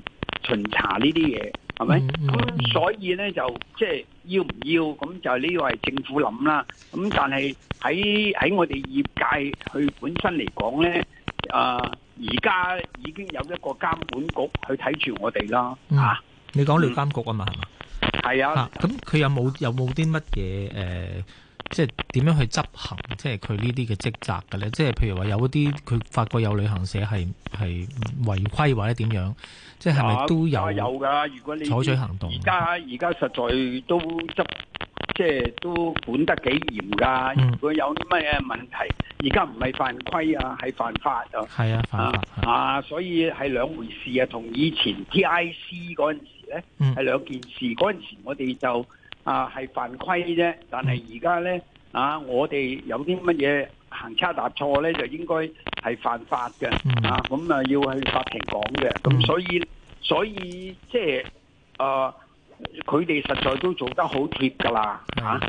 巡查呢啲嘢係咪？咁、嗯嗯、所以咧就即、係、係要唔要咁，就呢個係政府諗啦。咁但係喺喺我哋業界去本身嚟講咧，啊而家已經有一個監管局去睇住我哋啦。你講聯監局啊嘛？係嘛？係啊。咁佢有冇有冇啲乜嘢誒即係點樣去執行即係佢呢啲嘅職責嘅咧？即係譬如話有一啲佢發覺有旅行社係係違規或者點樣，即係咪都有、啊、有如果你採取行動？而家而家實在都執即係都管得幾嚴㗎。如果有乜嘢問題，而家唔係犯規啊，係犯法啊。係啊，犯法啊，啊，所以係兩回事啊。同以前 TIC 嗰陣時咧係、嗯、兩件事。嗰陣時我哋就。啊，係犯規啫，但係而家咧，啊，我哋有啲乜嘢行差踏錯咧，就應該係犯法嘅，啊，咁啊要去法庭講嘅，咁所以所以即係啊，呃、佢哋實在都做得好貼㗎喇。吓、啊、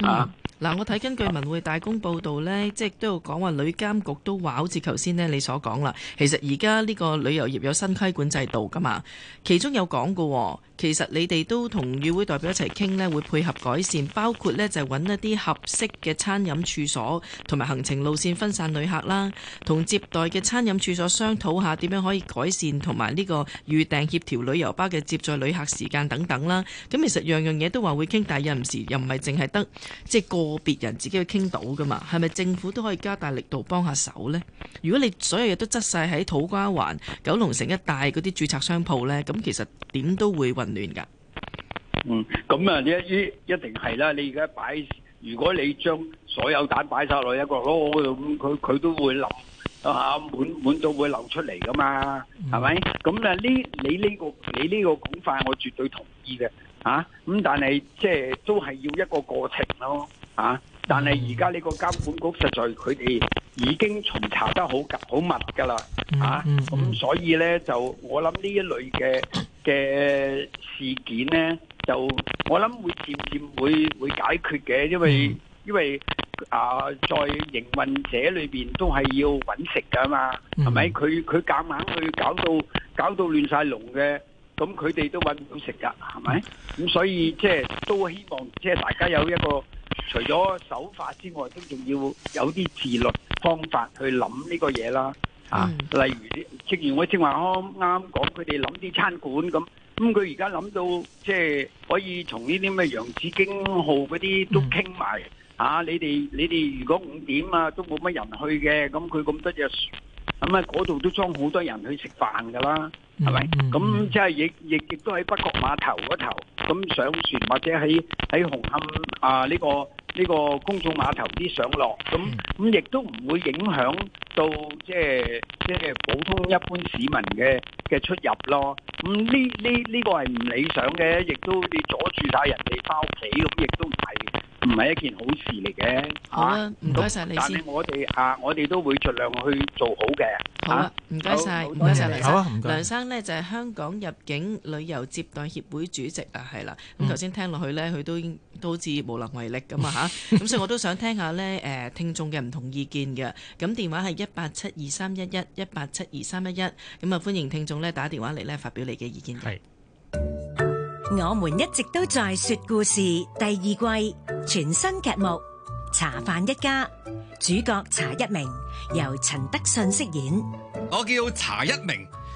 吓。啊啊嗱，我睇根據文匯大公報道，咧，即係都有講話旅監局都話好似頭先咧，你所講啦，其實而家呢個旅遊業有新規管制度噶嘛，其中有講過，其實你哋都同議會代表一齊傾咧，會配合改善，包括咧就係揾一啲合適嘅餐飲處所，同埋行程路綫分散旅客啦，同接待嘅餐飲處所商討下點樣可以改善，同埋呢個預訂協調旅遊巴嘅接載旅客時間等等啦。咁其實樣樣嘢都話會傾，但係有時又唔係淨係得即係個。個別人自己去傾到噶嘛，係咪政府都可以加大力度幫下手呢？如果你所有嘢都執晒喺土瓜灣、九龍城一帶嗰啲注冊商鋪呢，咁其實點都會混亂噶。嗯，咁啊，呢一呢一定係啦。你而家擺，如果你將所有蛋擺晒落一個窿度，咁佢佢都會流啊，滿滿到會流出嚟噶嘛，係咪？咁啊，呢你呢個你呢個講法，我絕對同意嘅啊。咁但係即係都係要一個過程咯。啊！但係而家呢個監管局實在佢哋已經巡查得好好密噶啦，啊！咁、嗯嗯嗯嗯、所以呢，就我諗呢一類嘅嘅事件呢，就我諗會漸漸會會解決嘅，因為、嗯、因為啊、呃，在營運者裏邊都係要搵食噶嘛，係咪？佢佢夾硬去搞到搞到亂曬龍嘅，咁佢哋都搵唔到食噶，係咪？咁、嗯嗯、所以即係都希望即係大家有一個。除咗手法之外，都仲要有啲自律方法去諗呢個嘢啦。啊，mm. 例如，正如我正話啱啱講，佢哋諗啲餐館咁，咁佢而家諗到即係可以從呢啲咩楊子京號嗰啲都傾埋。吓、mm. 啊。你哋你哋如果五點啊都冇乜人去嘅，咁佢咁多隻，咁啊嗰度都裝好多人去食飯㗎啦。係咪？咁 即係亦亦亦都喺北角碼頭嗰頭咁上船，或者喺喺紅磡啊呢個。呢個公眾碼頭啲上落，咁咁亦都唔會影響到即係即係普通一般市民嘅嘅出入咯。咁呢呢呢個係唔理想嘅，亦都你阻住晒人哋返屋企，咁亦都唔係唔係一件好事嚟嘅。好啦，唔該晒你先。但係我哋啊，我哋都會盡量去做好嘅。好啦，唔該晒。唔該曬，梁生。啊、梁生咧就係香港入境旅遊接待協會主席啊，係啦。咁頭先聽落去咧，佢、嗯、都。都好似無能為力咁啊嚇！咁所以我都想聽下咧誒聽眾嘅唔同意見嘅。咁電話係一八七二三一一一八七二三一一，咁啊歡迎聽眾咧打電話嚟咧發表你嘅意見。係，我們一直都在說故事第二季全新劇目《茶飯一家》，主角茶一明由陳德信飾演。我叫茶一明。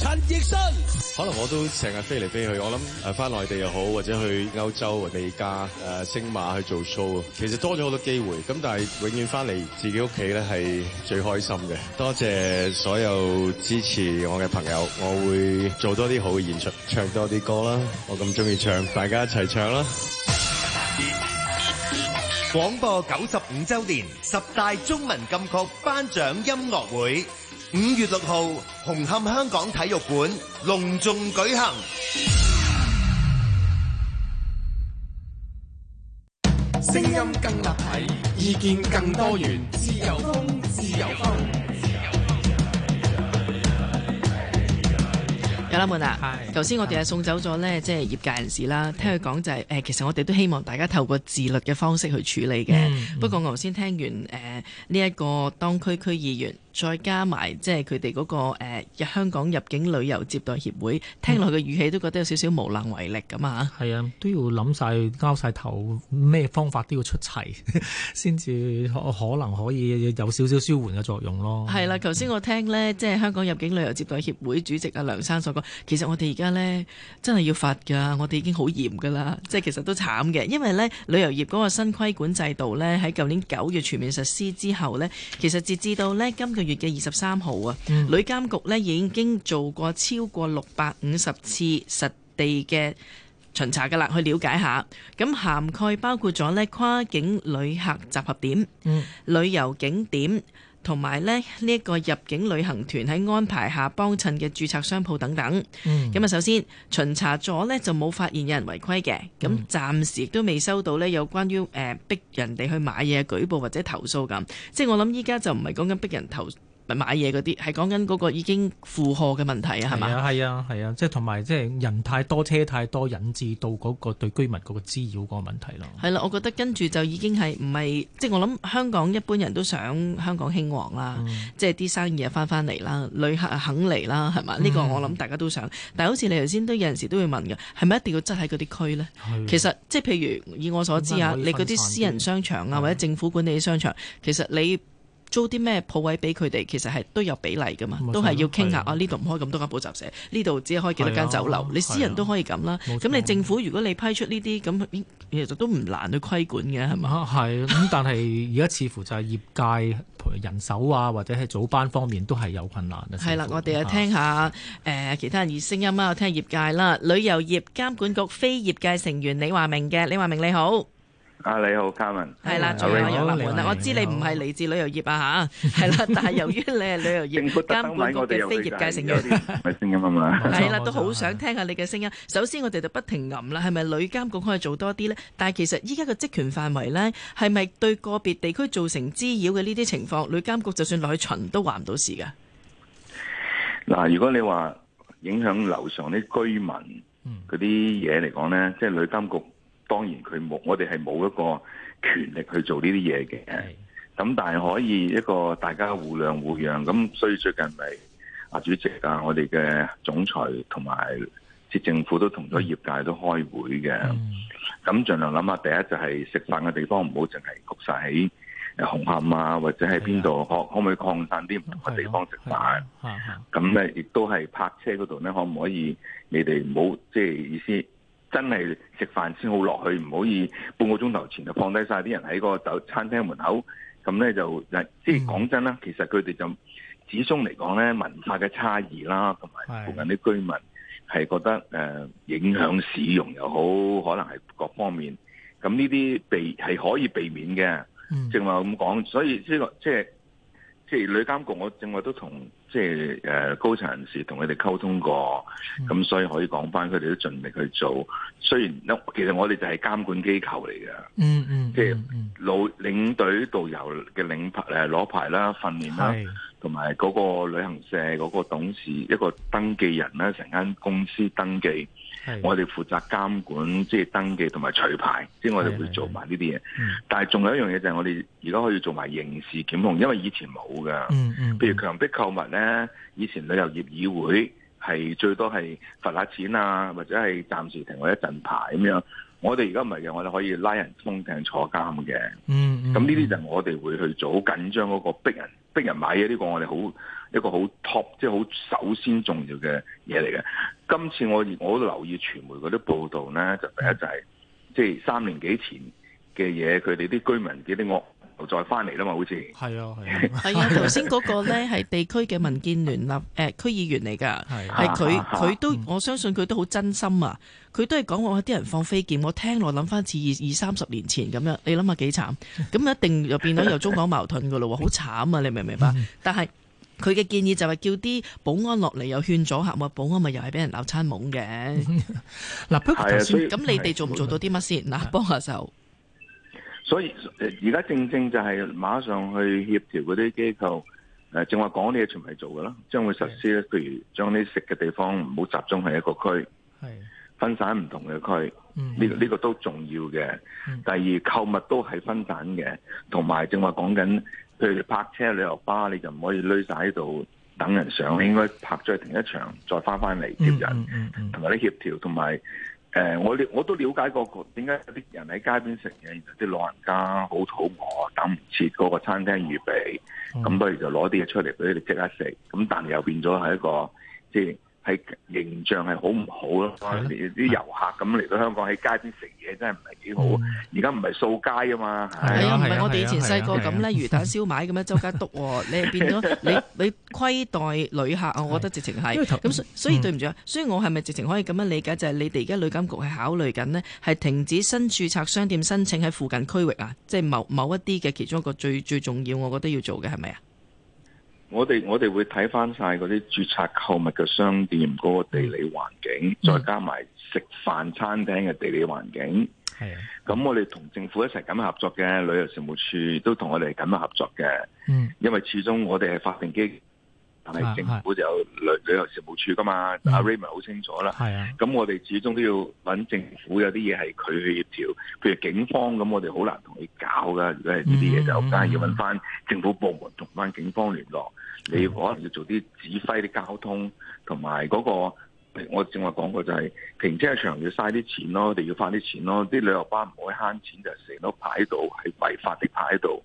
陳奕迅，可能我都成日飛嚟飛去，我諗誒返內地又好，或者去歐洲、美加、誒星馬去做 show 啊，其實多咗好多機會。咁但係永遠返嚟自己屋企咧，係最開心嘅。多謝所有支持我嘅朋友，我會做多啲好嘅演出，唱多啲歌啦。我咁鍾意唱，大家一齊唱啦！廣播九十五週年十大中文金曲頒獎音樂會。五月六號，紅磡香港體育館隆重舉行。聲音更立體，意見更多元，自由風，自由風，自由風。有啦，們啊！頭先我哋係送走咗呢，即係業界人士啦。聽佢講就係，誒，其實我哋都希望大家透過自律嘅方式去處理嘅。不過我頭先聽完，誒，呢一個當區區議員。再加埋即係佢哋嗰個誒、呃、香港入境旅遊接待協會、嗯、聽落去嘅語氣都覺得有少少無能為力噶嘛係啊，都要諗晒交晒頭咩方法都要出齊先至可能可以有少少舒緩嘅作用咯。係啦、啊，頭先我聽咧，即係香港入境旅遊接待協會主席阿梁生所講，其實我哋而家咧真係要罰噶，我哋已經好嚴噶啦。即係其實都慘嘅，因為咧旅遊業嗰個新規管制度咧喺舊年九月全面實施之後咧，其實截至到咧今個月嘅二十三號啊，嗯、旅監局咧已經做過超過六百五十次實地嘅巡查噶啦，去了解下，咁涵蓋包括咗咧跨境旅客集合點、嗯、旅遊景點。同埋呢一個入境旅行團喺安排下幫襯嘅註冊商鋪等等。咁啊、嗯，首先巡查咗呢，就冇發現有人違規嘅，咁暫時亦都未收到呢有關於、呃、逼人哋去買嘢舉報或者投訴咁。即係我諗依家就唔係講緊逼人投。買嘢嗰啲係講緊嗰個已經負荷嘅問題吧啊，係咪？係啊，係啊，即係同埋即係人太多，車太多，引致到嗰個對居民嗰個滋擾嗰個問題咯。係啦，啊，我覺得跟住就已經係唔係即係我諗香港一般人都想香港興旺啦，嗯，即係啲生意又翻翻嚟啦，旅客肯嚟啦，係嘛？呢、呢個我諗大家都想。嗯，但係好似你頭先都有陣時都會問嘅，係咪一定要執喺嗰啲區呢？的其實即係譬如以我所知啊，你嗰啲私人商場啊，嗯，或者政府管理商場，其實你。租啲咩鋪位俾佢哋，其實係都有比例噶嘛，錯都係要傾下的啊！呢度唔開咁多間補習社，呢度的只開幾多間酒樓，的你私人都可以咁啦。咁的錯你政府如果你批出呢啲，咁其實都唔難去規管嘅，係嘛？係咁、啊，但係而家似乎就係業界人手啊， 或者係早班方面都係有困難嘅。係啦，我哋啊聽下、呃、其他人嘅聲音啦，我聽，聽業界啦，旅遊業監管局非業界成員李華明嘅，李華明你好。啊，你好，卡文。係啦，仲啦，好我知道你唔係嚟自旅遊業啊，吓係啦，但係由於你係旅遊業，旅 監管局嘅非業界成員。咪聲音啊嘛。係啦，都好想聽下你嘅聲音。首先，我哋就不停吟啦，係咪旅監局可以做多啲咧？但係其實依家嘅職權範圍咧，係咪對個別地區造成滋擾嘅呢啲情況，旅監局就算落去巡都話唔到事㗎。嗱，如果你話影響樓上啲居民嗰啲嘢嚟講咧，嗯、即係旅監局。當然佢冇，我哋係冇一個權力去做呢啲嘢嘅。咁的但係可以一個大家互諒互讓。咁所以最近咪啊主席啊，我哋嘅總裁同埋即政府都同咗業界都開會嘅。咁儘的量諗下第一就係食飯嘅地方唔好淨係焗晒喺紅磡啊，的或者喺邊度可可唔可以擴散啲唔同嘅地方食飯？咁咧亦都係泊車嗰度咧，可唔可以你哋唔好，即係意思？真係食飯先好落去，唔可以半個鐘頭前就放低晒啲人喺個酒餐廳門口。咁咧就即係講真啦，其實佢哋就始終嚟講咧文化嘅差異啦，同埋附近啲居民係覺得誒、呃、影響市容又好，可能係各方面。咁呢啲避係可以避免嘅。正話咁講，所以呢個即係即係旅監局，我正話都同。即係誒高層人士同佢哋溝通過，咁所以可以講返，佢哋都盡力去做。雖然其實我哋就係監管機構嚟嘅，嗯嗯，嗯嗯，即係老領隊導遊嘅領牌誒攞牌啦、訓練啦，同埋嗰個旅行社嗰個董事一個登記人咧，成間公司登記。我哋負責監管，即係登記同埋取牌，即係我哋會做埋呢啲嘢。但係仲有一樣嘢就係我哋而家可以做埋刑事檢控，因為以前冇噶、嗯。嗯嗯。譬如強迫購物咧，以前旅遊業議會係最多係罰下錢啊，或者係暫時停我一陣牌咁樣。我哋而家唔係嘅，我哋可以拉人封艇坐監嘅、嗯。嗯咁呢啲就係我哋會去做，好緊張嗰個逼人逼人買嘢呢個我哋好。一個好 top，即係好首先重要嘅嘢嚟嘅。今次我我留意傳媒嗰啲報道呢，就第一就係即係三年幾前嘅嘢，佢哋啲居民啲啲惡再翻嚟啦嘛，好似係啊係啊，頭先嗰個呢係地區嘅民建聯立誒區議員嚟噶，係佢佢都我相信佢都好真心啊，佢都係講我話啲人放飛劍，我聽落諗翻似二二三十年前咁樣，你諗下幾慘，咁一定又變到有中港矛盾噶咯，好 慘啊！你明唔明白？但係。佢嘅建議就係叫啲保安落嚟，又勸阻客，我保安咪又係俾人鬧餐懵嘅。嗱， 不咁，你哋做唔做到啲乜先？嗱，幫下手。所以而家正正就係馬上去協調嗰啲機構，誒，正話講呢嘢全係做嘅啦。將會實施咧。的譬如將啲食嘅地方唔好集中喺一個區，的分散唔同嘅區。呢呢的、呢個呢個都重要嘅。的第二購物都係分散嘅，同埋正話講緊。譬如你泊車旅遊巴，你就唔可以攞晒喺度等人上，嗯、你應該泊咗去停一場，再翻翻嚟接人，同埋啲協調，同埋誒，我我都了解過點解啲人喺街邊食嘢，啲、就是、老人家好肚餓，等唔切嗰個餐廳預備，咁、嗯、不如就攞啲嘢出嚟俾佢哋即刻食，咁但又變咗係一個即。係形象係好唔好咯？啲遊客咁嚟到香港喺街邊食嘢真係唔係幾好？而家唔係掃街啊嘛，係啊唔係！我哋以前細個咁咧，魚蛋燒賣咁樣，周街篤，你係變咗你你虧待旅客啊！我覺得直情係咁，所以對唔住，所以我係咪直情可以咁樣理解就係你哋而家旅監局係考慮緊呢，係停止新註冊商店申請喺附近區域啊，即係某某一啲嘅其中一個最最重要，我覺得要做嘅係咪啊？我哋我哋會睇返晒嗰啲註冊購物嘅商店嗰個地理環境，嗯、再加埋食飯餐廳嘅地理環境。係的，咁我哋同政府一齊咁合作嘅，旅遊事務處都同我哋咁合作嘅。嗯，因為始終我哋係法定機。但係政府就有旅旅遊事務處噶嘛，阿、嗯啊、Raymond 咪好清楚啦。咁、嗯啊、我哋始終都要揾政府有啲嘢係佢去協調，譬如警方咁，那我哋好難同佢搞噶。如果係呢啲嘢就，梗係、嗯嗯、要揾翻政府部門同翻警方聯絡。嗯、你可能要做啲指揮啲交通，同埋嗰個，我正話講過就係、是、停車場要嘥啲錢咯，我哋要花啲錢咯。啲旅遊巴唔可以慳錢，就係成碌牌喺度，係違法的牌喺度。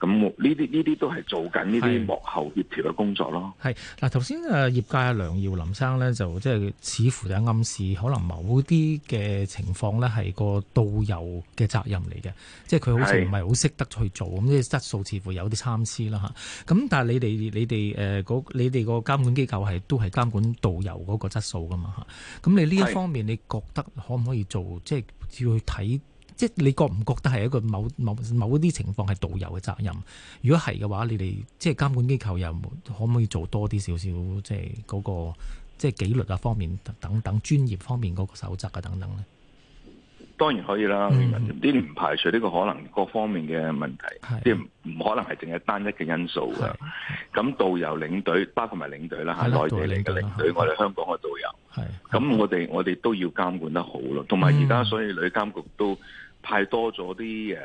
咁呢啲呢啲都係做緊呢啲幕後協調嘅工作咯。係嗱，頭先誒業界阿梁耀霖生咧，就即係似乎就暗示，可能某啲嘅情況咧係個導遊嘅責任嚟嘅，即係佢好似唔係好識得去做，咁係是質素似乎有啲參差啦嚇。咁但係你哋你哋誒你哋個監管機構係都係監管導遊嗰個質素噶嘛嚇。咁你呢一方面，你覺得可唔可以做？是即係要去睇。即係你覺唔覺得係一個某某某啲情況係導遊嘅責任？如果係嘅話，你哋即係監管機構又可唔可以做多啲少少即係、那、嗰個即係紀律啊方面、等等專業方面嗰個守則啊等等咧？當然可以啦，呢啲唔排除呢個可能各方面嘅問題，即係唔可能係淨係單一嘅因素啊。咁是導遊領隊包括埋領隊啦，吓內地嚟嘅領隊，我哋香港嘅導遊，係咁的我哋我哋都要監管得好咯。同埋而家所以旅監局都派多咗啲誒，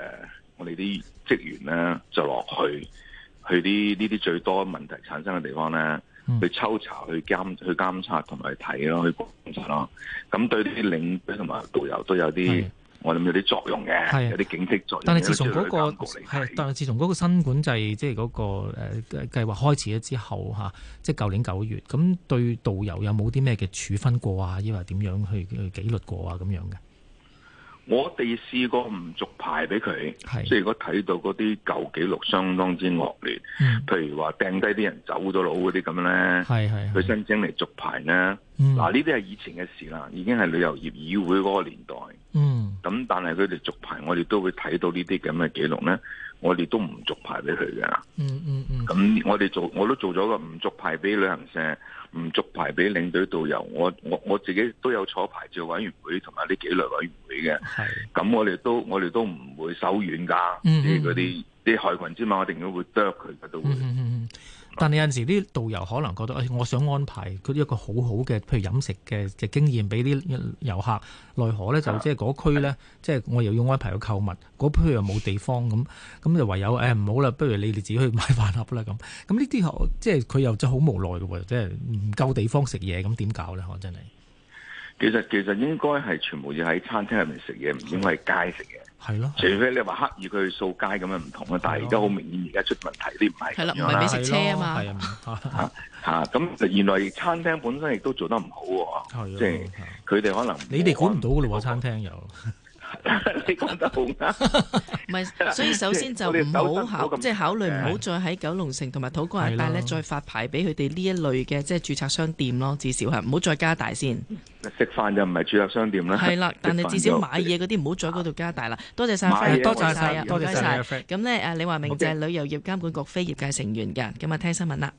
我哋啲職員咧就落去，去啲呢啲最多問題產生嘅地方咧，嗯、去抽查、去監、去監察同埋睇咯，去觀察咯。咁對呢啲領隊同埋導遊都有啲，的我諗有啲作用嘅，的有啲警惕作用但、嗰個。但係自從嗰個但係自從嗰個新管制即係嗰個誒計劃開始咗之後嚇，即係舊年九月，咁對導遊有冇啲咩嘅處分過啊？抑或點樣去去紀律過啊？咁樣嘅？我哋試過唔續牌俾佢，即係如果睇到嗰啲舊記錄相當之惡劣，譬如話掟低啲人走咗佬嗰啲咁咧，佢申請嚟續牌咧，嗱呢啲係以前嘅事啦，已經係旅遊業議會嗰個年代，咁但係佢哋續牌，我哋都會睇到這這呢啲咁嘅記錄咧。我哋都唔續牌俾佢嘅啦，嗯嗯嗯，咁我哋做我都做咗個唔續牌俾旅行社，唔續牌俾領隊導遊，我我我自己都有坐牌照委員會同埋啲紀律委員會嘅，係的，咁我哋都我哋都唔會手軟噶，啲嗰啲啲害群之馬，我哋都會啄佢嘅都會。嗯嗯嗯嗯但係有陣時啲導遊可能覺得，哎、我想安排佢一個好好嘅，譬如飲食嘅嘅經驗俾啲遊客。奈何咧就即係嗰區咧，是的即係我又要安排去購物，嗰區又冇地方咁，咁就唯有誒唔、哎、好啦。不如你哋自己去買飯盒啦咁。咁呢啲即係佢又真係好無奈嘅喎，即係唔夠地方食嘢，咁點搞咧？我真係？其實其實應該係全部要喺餐廳入面食嘢，唔應該係街食嘢。係咯，是是除非你話刻意佢去掃街咁樣唔同啦，的但係而家好明顯而家出問題啲唔係。係啦，唔係美食車啊嘛。吓吓咁， 啊、原來餐廳本身亦都做得唔好喎。即係佢哋可能你哋估唔到噶啦喎，餐廳有。 你講得好啦，唔係，所以首先就唔好考，即係考慮唔好再喺九龍城同埋土瓜灣咧，再發牌俾佢哋呢一類嘅即係註冊商店咯。至少係唔好再加大先。食飯就唔係註冊商店啦。係啦，但係至少買嘢嗰啲唔好再嗰度加大啦。多謝晒，多謝晒，多謝晒。咁咧，誒李華明就係旅遊業監管局非業界成員㗎。咁啊，聽新聞啦。